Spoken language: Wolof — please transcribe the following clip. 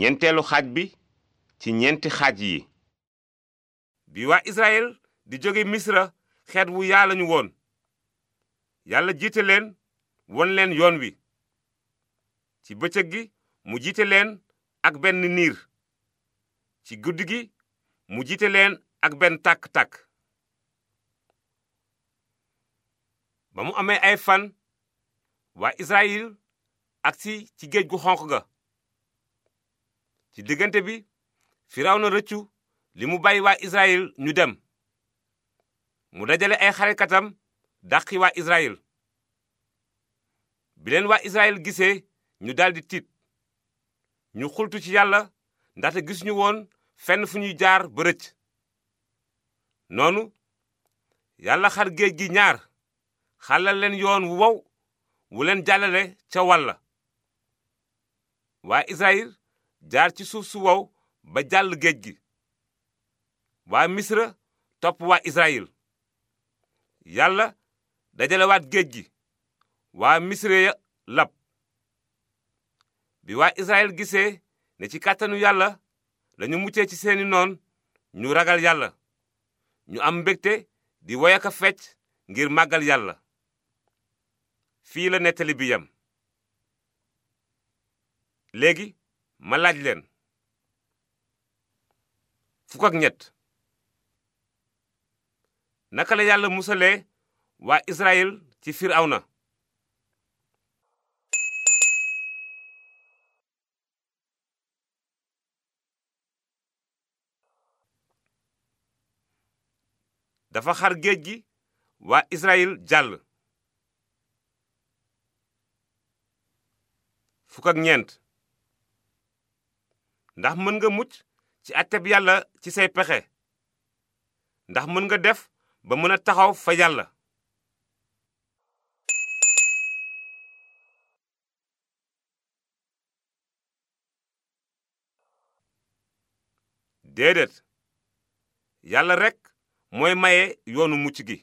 ñenteelu xaaj bi ci ñeenti xaaj yi bi waa Israël di jóge misra xeet wu yaa lañu woon yàlla jiite leen won leen yoon wi ci bëccëg gi mu jiite leen ak benn niir ci guddi gi mu jiite leen ak benn tàkk-tàkk ba mu amee ay fan waa Israël agsi ci géej gu xonq ga ci diggante bi firawna rëccu li mu bay waa israyil ñu dem mu dajale ay xarekatam dàqi waa israyil bi leen waa israyil gisee ñu daldi tiit ñu xultu ci yàlla ndaxte gisuñu woon fenn fu ñuy jaar ba rëcc noonu yàlla xar géej gi ñaar xàllal leen yoon wu wow wu leen jàllale ca wàlla waa israyil jaar ci suuf su wow ba jàll géej gi waa misra topp waa israyil yàlla dajalewaat géej gi waa misra ya lab bi waa israyil gisee ne ci kàttanu yàlla dañu muccee ci seeni noon ñu ragal yàlla ñu am mbégte di woyaka fecc ngir màggal yàlla fii la nettali bi yam léegi ma laaj leen fukk ak ñett naka la yàlla musalee waa Israël ci Firawna dafa xar géej gi waa Israël jàll fukk ak ndax mën nga mucc ci atteb yàlla ci say pexe ndax mën nga def ba mën a taxaw fa yàlla déedéet yàlla rekk mooy maye yoonu mucc gi